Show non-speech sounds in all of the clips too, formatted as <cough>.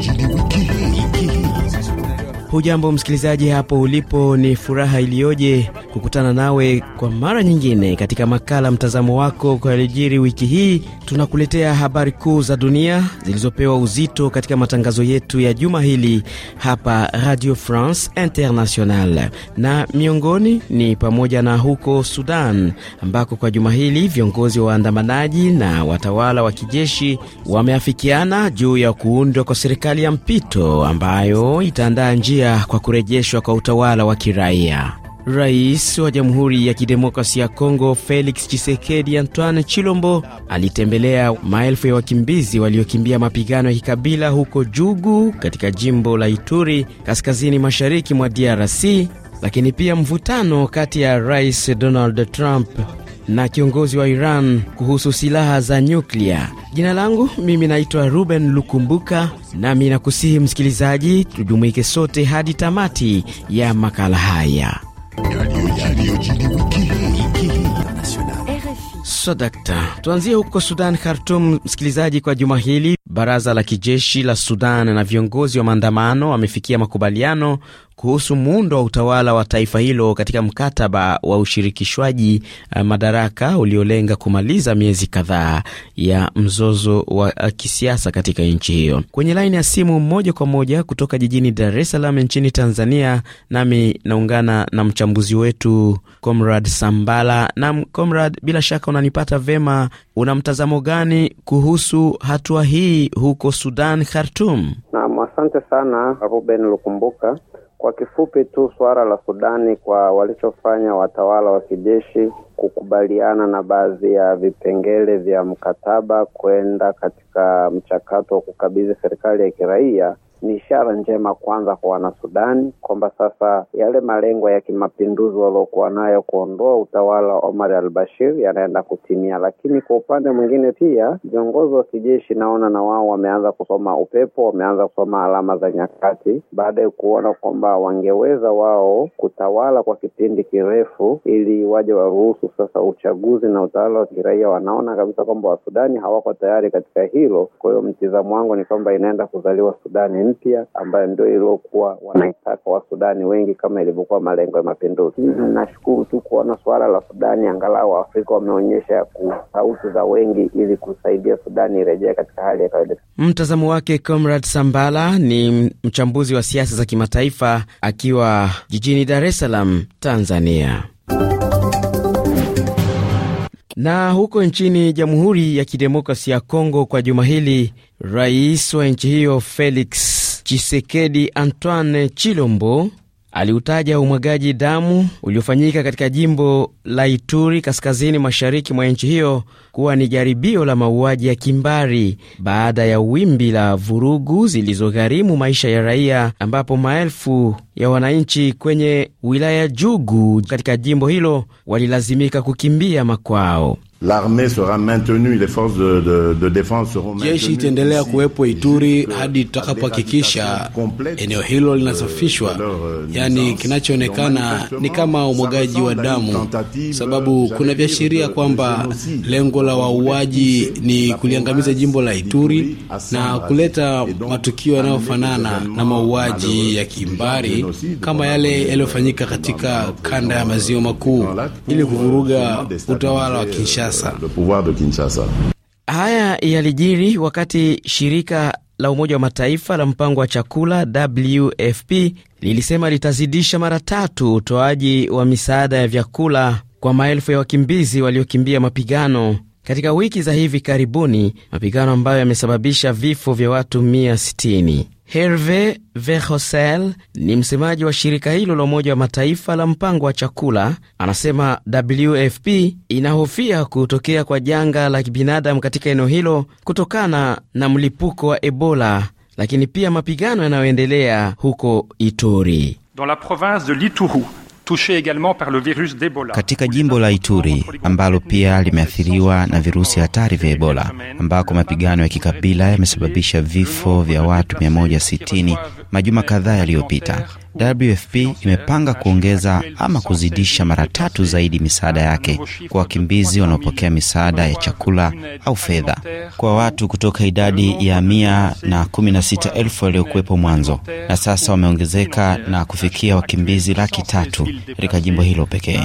giddy. Hujambo msikilizaji hapo ulipo, ni furaha iliyoje kukutana nawe kwa mara nyingine katika makala mtazamo wako kwa yalijiri wiki hii. Tunakuletea habari kuu za dunia zilizopewa uzito katika matangazo yetu ya juma hili hapa Radio France International, na miongoni ni pamoja na huko Sudan ambako kwa juma hili viongozi wa waandamanaji na watawala wa kijeshi wameafikiana juu ya kuundwa kwa serikali ya mpito ambayo itaandaa njia kufuatia kwa kurejeshwa kwa utawala wa kiraia. Rais wa Jamhuri ya Kidemokrasia ya Kongo Felix Tshisekedi Antoine Chilombo alitembelea maelfu ya wakimbizi waliokimbia mapigano ya kikabila huko Jugu katika jimbo la Ituri kaskazini mashariki mwa DRC, lakini pia mvutano kati ya Rais Donald Trump na kiongozi wa Iran kuhusu silaha za nyuklia. Jina langu mimi naitwa Ruben Lukumbuka, nami nakusihi msikilizaji, tujumuike sote hadi tamati ya makala haya. So, dakta, tuanzie huko Sudan, Khartum, msikilizaji, kwa juma hili Baraza la kijeshi la Sudan na viongozi wa maandamano wamefikia makubaliano kuhusu muundo wa utawala wa taifa hilo katika mkataba wa ushirikishwaji eh, madaraka uliolenga kumaliza miezi kadhaa ya mzozo wa eh, kisiasa katika nchi hiyo. Kwenye laini ya simu moja kwa moja kutoka jijini Dar es Salaam nchini Tanzania, nami naungana na mchambuzi wetu Comrad Sambala. Nam Comrad, bila shaka unanipata vema una mtazamo gani kuhusu hatua hii huko Sudan, Khartum? Naam, asante sana Ruben Lukumbuka. Kwa kifupi tu, suala la Sudani kwa walichofanya watawala wa kijeshi kukubaliana na baadhi ya vipengele vya mkataba kwenda katika mchakato wa kukabidhi serikali ya kiraia ni ishara njema kwanza kwa Wanasudani kwamba sasa yale malengo ya kimapinduzi waliokuwa nayo kuondoa utawala wa Omar al Bashir yanaenda kutimia, lakini kwa upande mwingine pia viongozi wa kijeshi naona na wao wameanza kusoma upepo, wameanza kusoma alama za nyakati baada ya kuona kwamba wangeweza wao kutawala kwa kipindi kirefu ili waje waruhusu sasa uchaguzi na utawala wa kiraia. Wanaona kabisa kwamba Wasudani hawako tayari katika hilo. Kwa hiyo mtizamo wangu ni kwamba inaenda kuzaliwa Sudani mpya ambayo ndio iliokuwa wanaitaka Wasudani wengi kama ilivyokuwa malengo ya mapinduzi. Mm-hmm. Nashukuru tu kuona suala la Sudani, angalau Waafrika wameonyesha sauti za wengi ili kusaidia Sudani irejea katika hali ya kawaida. Mtazamo wake comrad Sambala ni mchambuzi wa siasa za kimataifa akiwa jijini Dar es Salaam, Tanzania. Na huko nchini Jamhuri ya Kidemokrasi ya congo kwa juma hili rais wa nchi hiyo Felix Chisekedi Antoine Chilombo aliutaja umwagaji damu uliofanyika katika jimbo la Ituri kaskazini mashariki mwa nchi hiyo kuwa ni jaribio la mauaji ya kimbari baada ya wimbi la vurugu zilizogharimu maisha ya raia, ambapo maelfu ya wananchi kwenye wilaya Jugu katika jimbo hilo walilazimika kukimbia makwao. Jeshi itaendelea kuwepo Ituri hadi tutakapohakikisha eneo hilo euh, linasafishwa. Euh, yaani, kinachoonekana ni kama umwagaji wa damu, sababu kuna viashiria kwamba lengo la wauaji ni kuliangamiza jimbo la Ituri na kuleta matukio yanayofanana na mauaji ya kimbari kama yale yaliyofanyika katika kanda ya maziwa makuu ili kuvuruga euh, utawala wa Kinshasa. Kinshasa. Haya yalijiri wakati shirika la Umoja wa Mataifa la mpango wa chakula WFP lilisema litazidisha mara tatu utoaji wa misaada ya vyakula kwa maelfu ya wakimbizi waliokimbia mapigano katika wiki za hivi karibuni, mapigano ambayo yamesababisha vifo vya watu Herve Vehosel ni msemaji wa shirika hilo la Umoja wa Mataifa la mpango wa chakula, anasema WFP inahofia kutokea kwa janga la kibinadamu katika eneo hilo kutokana na mlipuko wa Ebola, lakini pia mapigano yanayoendelea huko Ituri Dans la province de katika jimbo la Ituri ambalo pia limeathiriwa na virusi hatari vya Ebola ambako mapigano ya kikabila yamesababisha vifo vya watu 160 majuma kadhaa yaliyopita. WFP imepanga kuongeza ama kuzidisha mara tatu zaidi misaada yake kwa wakimbizi wanaopokea misaada ya chakula au fedha kwa watu kutoka idadi ya mia na kumi na sita elfu waliokuwepo mwanzo, na sasa wameongezeka na kufikia wakimbizi laki tatu katika jimbo hilo pekee.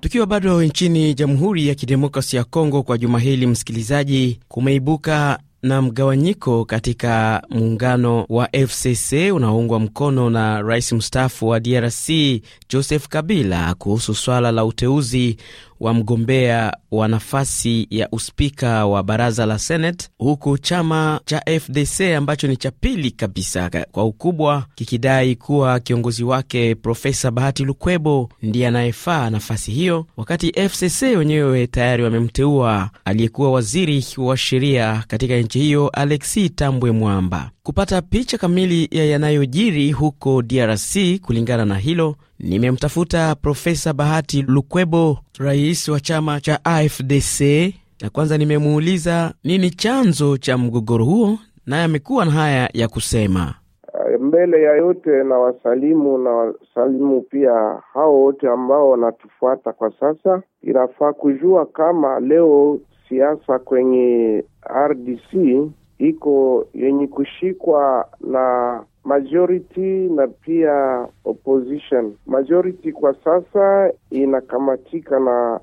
Tukiwa bado nchini Jamhuri ya Kidemokrasi ya Kongo, kwa juma hili msikilizaji, kumeibuka na mgawanyiko katika muungano wa FCC unaoungwa mkono na rais mstaafu wa DRC Joseph Kabila kuhusu swala la uteuzi wa mgombea wa nafasi ya uspika wa baraza la Senate, huku chama cha FDC ambacho ni cha pili kabisa kwa ukubwa kikidai kuwa kiongozi wake Profesa Bahati Lukwebo ndiye anayefaa nafasi hiyo, wakati FCC wenyewe tayari wamemteua aliyekuwa waziri wa sheria katika nchi hiyo Alexi Tambwe Mwamba kupata picha kamili ya yanayojiri huko DRC. Kulingana na hilo, nimemtafuta Profesa Bahati Lukwebo, rais wa chama cha AFDC, na kwanza nimemuuliza nini chanzo cha mgogoro huo, naye amekuwa na haya ya kusema. Eh, mbele ya yote na wasalimu na wasalimu pia hao wote ambao wanatufuata kwa sasa, inafaa kujua kama leo siasa kwenye RDC iko yenye kushikwa na majority na pia opposition. Majority kwa sasa inakamatika na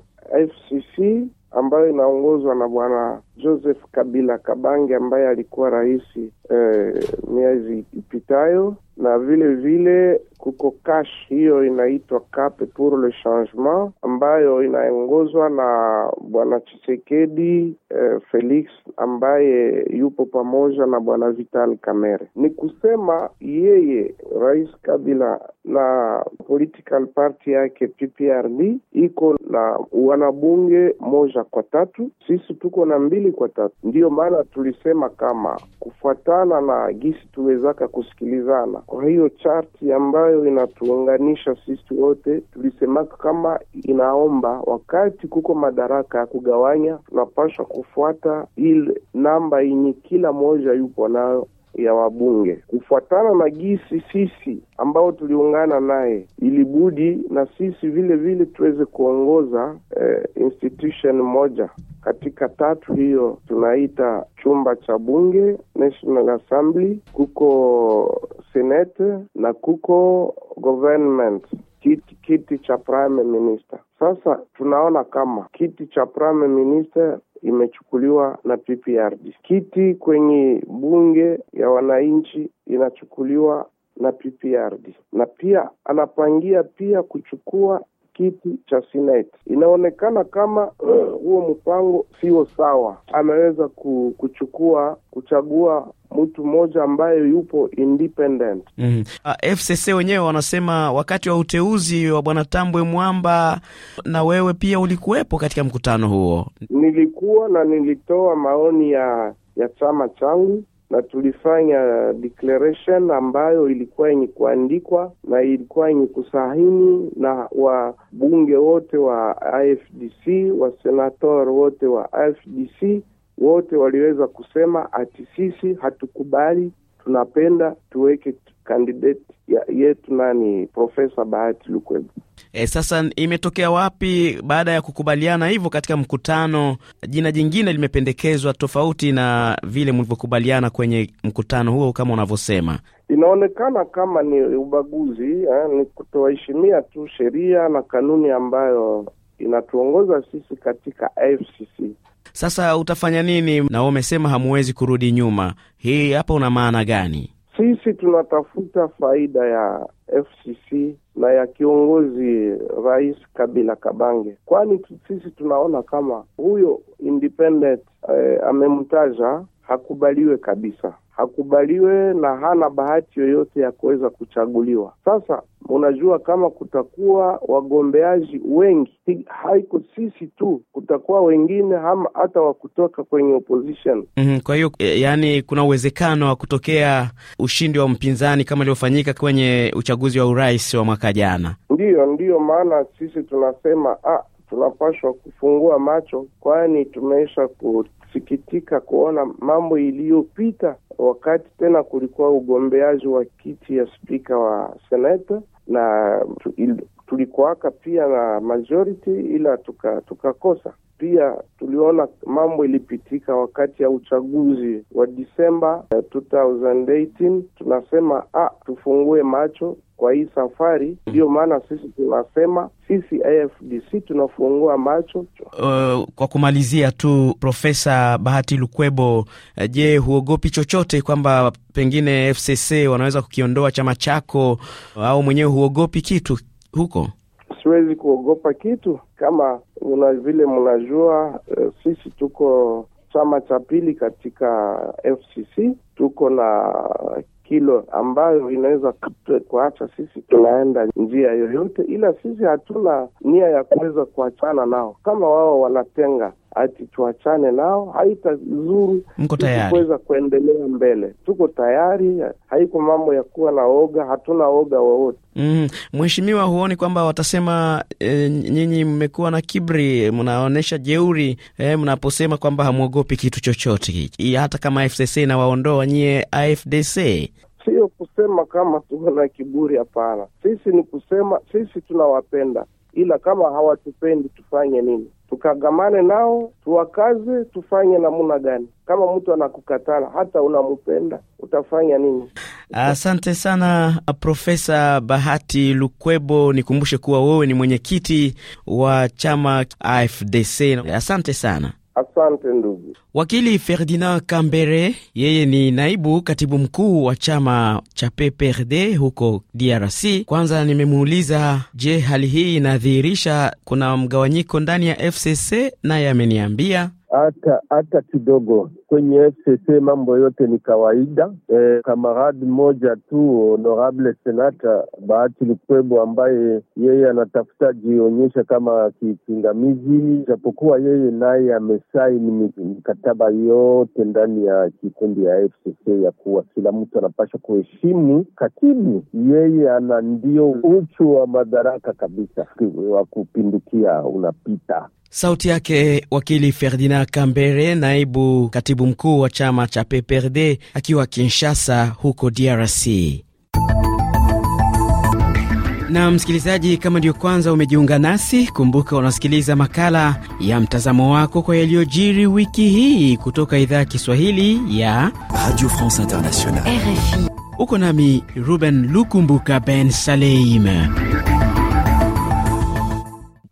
FCC ambayo inaongozwa na bwana Joseph Kabila Kabange ambaye alikuwa rais eh, miezi ipitayo, na vile vile kuko kash hiyo inaitwa Cap pour le Changement ambayo inaongozwa na bwana Chisekedi eh, Felix ambaye yupo pamoja na bwana Vital Kamerhe. Ni kusema yeye rais Kabila na political party yake PPRD iko na wanabunge moja kwa tatu, sisi tuko na mbili mbili kwa tatu. Ndiyo maana tulisema kama kufuatana na gisi tuwezaka kusikilizana, kwa hiyo charti ambayo inatuunganisha sisi wote tulisemaka kama inaomba wakati kuko madaraka ya kugawanya, tunapashwa kufuata ile namba yenye kila moja yupo nayo ya wabunge. Kufuatana na gisi sisi ambao tuliungana naye, ilibudi na sisi vile vile tuweze kuongoza eh, institution moja katika tatu hiyo tunaita chumba cha bunge National Assembly, kuko senate na kuko government kiti, kiti cha prime minister. Sasa tunaona kama kiti cha prime minister imechukuliwa na PPRD. Kiti kwenye bunge ya wananchi inachukuliwa na PPRD, na pia anapangia pia kuchukua kiti cha Senate. Inaonekana kama <clears throat> huo mpango sio sawa, ameweza kuchukua kuchagua mtu mmoja ambaye yupo independent. Mm. Uh, FCC wenyewe wanasema wakati wa uteuzi wa bwana Tambwe Mwamba, na wewe pia ulikuwepo katika mkutano huo. Nilikuwa na nilitoa maoni ya ya chama changu na tulifanya declaration ambayo ilikuwa yenye kuandikwa na ilikuwa yenye kusahini na wabunge wote wa AFDC, wasenator wote wa AFDC wote waliweza kusema ati sisi hatukubali, tunapenda tuweke kandidati yetu nani, Profesa Bahati Lukwebo. E, sasa imetokea wapi? Baada ya kukubaliana hivyo katika mkutano, jina jingine limependekezwa tofauti na vile mlivyokubaliana kwenye mkutano huo, kama unavyosema inaonekana kama ni ubaguzi eh, ni kutoheshimia tu sheria na kanuni ambayo inatuongoza sisi katika FCC. Sasa utafanya nini? Na umesema hamuwezi kurudi nyuma, hii hapa una maana gani? Sisi tunatafuta faida ya FCC na ya kiongozi Rais Kabila Kabange, kwani sisi tunaona kama huyo independent eh, amemtaja hakubaliwe kabisa hakubaliwe na hana bahati yoyote ya kuweza kuchaguliwa. Sasa unajua, kama kutakuwa wagombeaji wengi, haiko sisi tu, kutakuwa wengine ama hata wa kutoka kwenye opposition. Mm -hmm. Kwa hiyo eh, yani, kuna uwezekano wa kutokea ushindi wa mpinzani kama iliyofanyika kwenye uchaguzi wa urais wa mwaka jana. Ndiyo, ndiyo maana sisi tunasema ah, tunapashwa kufungua macho, kwani tumeisha ku kusikitika kuona mambo iliyopita wakati tena kulikuwa ugombeaji wa kiti ya spika wa seneta na tulikuaka pia na majority ila tukakosa tuka pia tuliona mambo ilipitika wakati ya uchaguzi wa Disemba 2018. Eh, tunasema ah, tufungue macho kwa hii safari. Ndiyo maana sisi tunasema sisi AFDC tunafungua macho. Uh, kwa kumalizia tu, Profesa Bahati Lukwebo, eh, je, huogopi chochote kwamba pengine FCC wanaweza kukiondoa chama chako, au mwenyewe huogopi kitu huko? hatuwezi kuogopa kitu kama una vile mnajua, uh, eh, sisi tuko chama cha pili katika FCC, tuko na kilo ambayo inaweza kuacha sisi tunaenda njia yoyote, ila sisi hatuna nia ya kuweza kuachana nao. Kama wao wanatenga ati tuachane nao haitazuru kuweza kuendelea mbele. Tuko tayari, haiko mambo ya kuwa na oga, hatuna oga wowote. Mm, mheshimiwa, huoni kwamba watasema e, nyinyi mmekuwa na kibri mnaonyesha jeuri e, mnaposema kwamba hamwogopi kitu chochote, hata kama FCC inawaondoa nyie AFDC? Sio kusema kama tuko na kiburi, hapana. Sisi ni kusema sisi tunawapenda ila kama hawatupendi tufanye nini? Tukagamane nao tuwakaze, tufanye namuna gani? Kama mtu anakukatala hata unamupenda utafanya nini? Asante sana Profesa Bahati Lukwebo, nikumbushe kuwa wewe ni mwenyekiti wa chama AFDC. Asante sana. Asante ndugu wakili. Ferdinand Kambere, yeye ni naibu katibu mkuu wa chama cha PPRD huko DRC. Kwanza nimemuuliza, je, hali hii inadhihirisha kuna mgawanyiko ndani ya FCC? Naye ameniambia hata hata kidogo. Kwenye FCC mambo yote ni kawaida. E, kamaradi mmoja tu honorable senata Bahati Lukwebo ambaye yeye anatafuta jionyesha kama kipingamizi, japokuwa yeye naye amesaini mikataba yote ndani ya kikundi ya FCC ya kuwa kila mtu anapasha kuheshimu katibu. Yeye ana ndio uchu wa madaraka kabisa wa kupindukia unapita Sauti yake wakili Ferdinand Kambere, naibu katibu mkuu wa chama cha PPRD akiwa Kinshasa huko DRC. Na msikilizaji, kama ndiyo kwanza umejiunga nasi, kumbuka unasikiliza makala ya mtazamo wako kwa yaliyojiri wiki hii kutoka idhaa ya Kiswahili ya Radio France Internationale, RFI. Uko nami Ruben Lukumbuka Ben Saleim.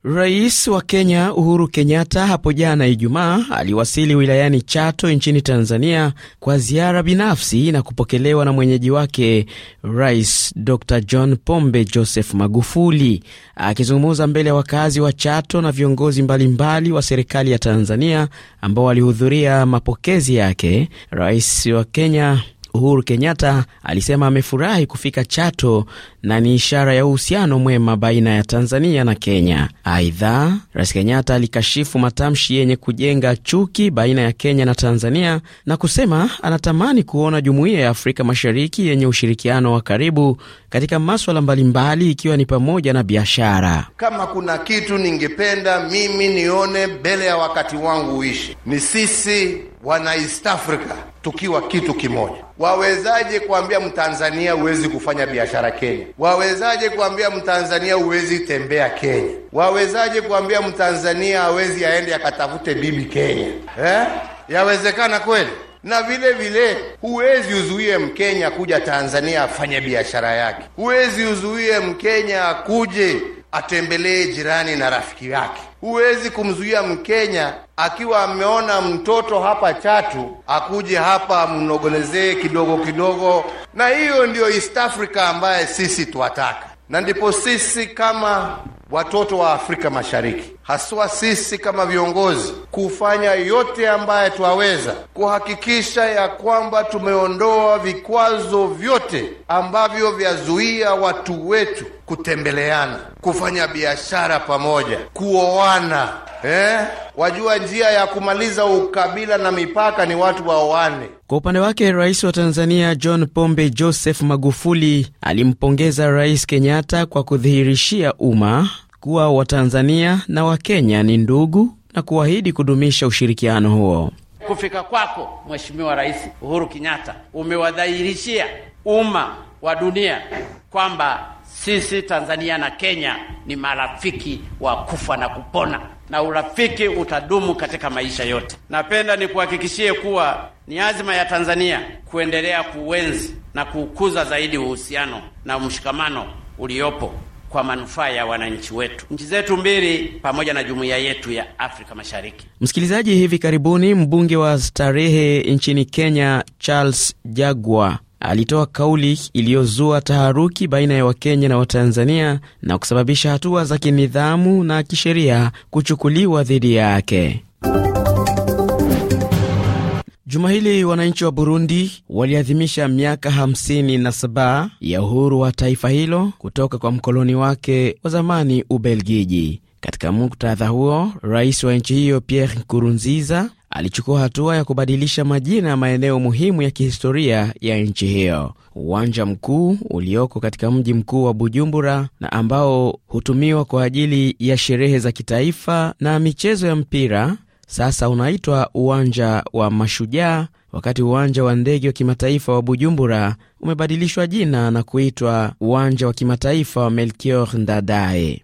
Rais wa Kenya Uhuru Kenyatta hapo jana Ijumaa aliwasili wilayani Chato nchini Tanzania kwa ziara binafsi na kupokelewa na mwenyeji wake Rais Dr John Pombe Joseph Magufuli. Akizungumza mbele ya wakazi wa Chato na viongozi mbalimbali wa serikali ya Tanzania ambao walihudhuria mapokezi yake, rais wa Kenya Uhuru Kenyatta alisema amefurahi kufika Chato na ni ishara ya uhusiano mwema baina ya Tanzania na Kenya. Aidha, Rais Kenyatta alikashifu matamshi yenye kujenga chuki baina ya Kenya na Tanzania na kusema anatamani kuona jumuiya ya Afrika Mashariki yenye ushirikiano wa karibu katika maswala mbalimbali, ikiwa ni pamoja na biashara. Kama kuna kitu ningependa mimi nione mbele ya wakati wangu uishi ni sisi wana East Africa tukiwa kitu kimoja. Wawezaje kuambia Mtanzania huwezi kufanya biashara Kenya? Wawezaje kuambia Mtanzania huwezi tembea Kenya? Wawezaje kuambia Mtanzania hawezi aende akatafute bibi Kenya eh? Yawezekana kweli? na vile vile huwezi uzuie Mkenya kuja Tanzania afanye biashara yake. Huwezi uzuie Mkenya akuje atembelee jirani na rafiki yake. Huwezi kumzuia Mkenya akiwa ameona mtoto hapa Chatu akuje hapa mnogonezee kidogo kidogo, na hiyo ndiyo East Africa ambaye sisi tuwataka, na ndipo sisi kama watoto wa Afrika Mashariki haswa sisi kama viongozi kufanya yote ambaye twaweza kuhakikisha ya kwamba tumeondoa vikwazo vyote ambavyo vyazuia watu wetu kutembeleana, kufanya biashara pamoja, kuoana Eh, wajua njia ya kumaliza ukabila na mipaka ni watu waoane. Kwa upande wake, rais wa Tanzania John Pombe Joseph Magufuli alimpongeza Rais Kenyatta kwa kudhihirishia umma kuwa Watanzania na Wakenya ni ndugu na kuahidi kudumisha ushirikiano huo. Kufika kwako Mheshimiwa Rais Uhuru Kenyatta, umewadhihirishia umma wa dunia kwamba sisi Tanzania na Kenya ni marafiki wa kufa na kupona na urafiki utadumu katika maisha yote. Napenda nikuhakikishie kuwa ni azima ya Tanzania kuendelea kuenzi na kuukuza zaidi uhusiano na mshikamano uliopo kwa manufaa ya wananchi wetu, nchi zetu mbili, pamoja na jumuiya yetu ya Afrika Mashariki. Msikilizaji, hivi karibuni mbunge wa Starehe nchini Kenya Charles Jagwa alitoa kauli iliyozua taharuki baina ya Wakenya na Watanzania na kusababisha hatua za kinidhamu na kisheria kuchukuliwa dhidi yake. Juma hili wananchi wa Burundi waliadhimisha miaka 57 ya uhuru wa taifa hilo kutoka kwa mkoloni wake wa zamani Ubelgiji. Katika muktadha huo, rais wa nchi hiyo Pierre Nkurunziza alichukua hatua ya kubadilisha majina ya maeneo muhimu ya kihistoria ya nchi hiyo. Uwanja mkuu ulioko katika mji mkuu wa Bujumbura na ambao hutumiwa kwa ajili ya sherehe za kitaifa na michezo ya mpira sasa unaitwa uwanja wa Mashujaa, wakati uwanja wa ndege wa kimataifa wa Bujumbura umebadilishwa jina na kuitwa uwanja wa kimataifa wa Melchior Ndadaye.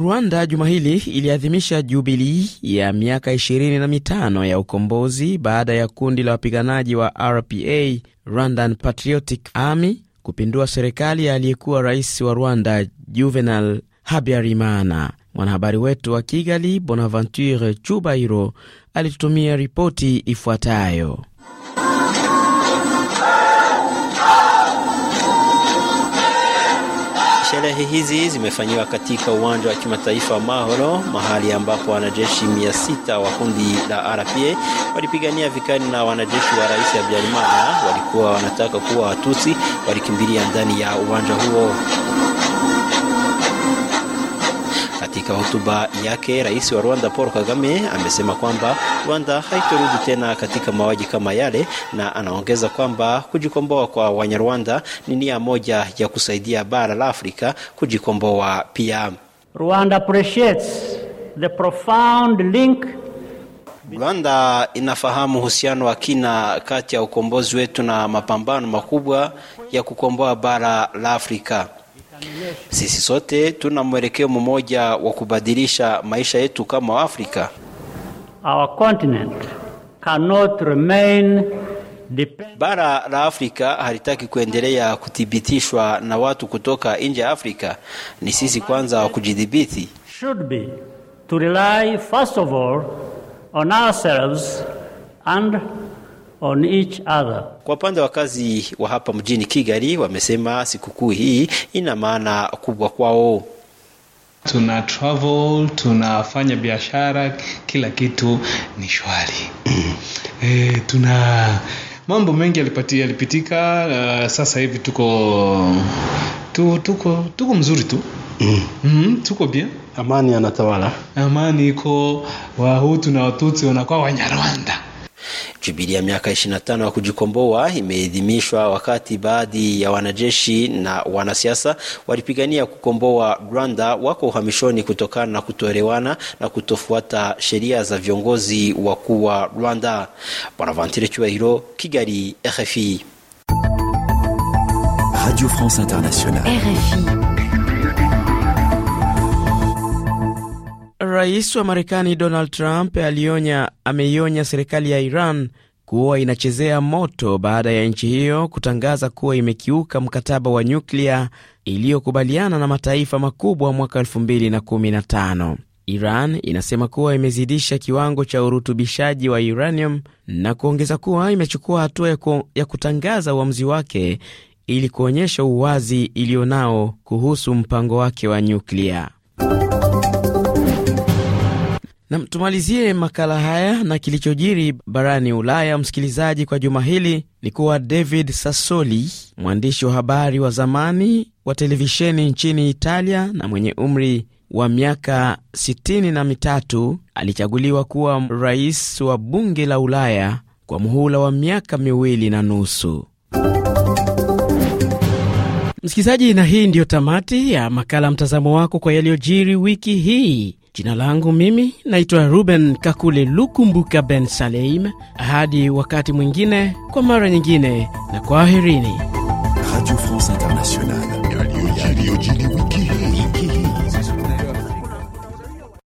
Rwanda juma hili iliadhimisha jubilii ya miaka 25 ya ukombozi baada ya kundi la wapiganaji wa RPA, Rwandan Patriotic Army, kupindua serikali ya aliyekuwa rais wa Rwanda Juvenal Habyarimana. Mwanahabari wetu wa Kigali Bonaventure Chubairo alitutumia ripoti ifuatayo. sherehe hizi zimefanyiwa katika uwanja wa kimataifa wa Mahoro, mahali ambapo wanajeshi mia sita wa kundi la RPA walipigania vikali na wanajeshi wa Rais Habyarimana. Walikuwa wanataka kuwa Watusi, walikimbilia ndani ya uwanja huo. Katika hotuba yake, rais wa Rwanda Paul Kagame amesema kwamba Rwanda haitorudi tena katika mauaji kama yale, na anaongeza kwamba kujikomboa kwa Wanyarwanda ni nia moja ya kusaidia bara la Afrika kujikomboa pia. Rwanda appreciates the profound link Rwanda inafahamu uhusiano wa kina kati ya ukombozi wetu na mapambano makubwa ya kukomboa bara la Afrika. Sisi sote tuna mwelekeo mmoja wa kubadilisha maisha yetu kama Afrika. Our continent cannot remain Bara la Afrika halitaki kuendelea kuthibitishwa na watu kutoka nje ya Afrika. Ni sisi kwanza wa kujidhibiti. Should be to rely first of all on ourselves and on each other. Kwa upande wa kazi wa hapa mjini Kigali wamesema sikukuu hii ina maana kubwa kwao. Tuna travel, tunafanya biashara, kila kitu ni shwari. E, <clears throat> tuna mambo mengi yalipitika. Uh, sasa hivi tuko tu, tuko tuko mzuri tu <clears throat> mm. Mm, tuko bien, amani anatawala, amani iko. Wahutu na Watutsi wanakuwa Wanyarwanda Jubilii ya miaka 25 ya kujikomboa imeidhimishwa wakati baadhi ya wanajeshi na wanasiasa walipigania kukomboa Rwanda wako uhamishoni kutokana na kutoelewana na kutofuata sheria za viongozi wakuu wa Rwanda. Bonaventure Cyubahiro, Kigali, RFI. Radio France Internationale. RFI. Rais wa Marekani Donald Trump alionya, ameionya serikali ya Iran kuwa inachezea moto baada ya nchi hiyo kutangaza kuwa imekiuka mkataba wa nyuklia iliyokubaliana na mataifa makubwa mwaka 2015. Iran inasema kuwa imezidisha kiwango cha urutubishaji wa uranium na kuongeza kuwa imechukua hatua ya kutangaza uamuzi wake ili kuonyesha uwazi iliyonao kuhusu mpango wake wa nyuklia. Nam, tumalizie makala haya na kilichojiri barani Ulaya, msikilizaji, kwa juma hili ni kuwa David Sassoli, mwandishi wa habari wa zamani wa televisheni nchini Italia na mwenye umri wa miaka sitini na mitatu alichaguliwa kuwa rais wa bunge la Ulaya kwa muhula wa miaka miwili na nusu. Msikilizaji, na hii ndiyo tamati ya makala mtazamo wako kwa yaliyojiri wiki hii. Jina langu mimi naitwa Ruben Kakule Lukumbuka Ben Saleim. Hadi wakati mwingine, kwa mara nyingine, na kwaherini. Radio France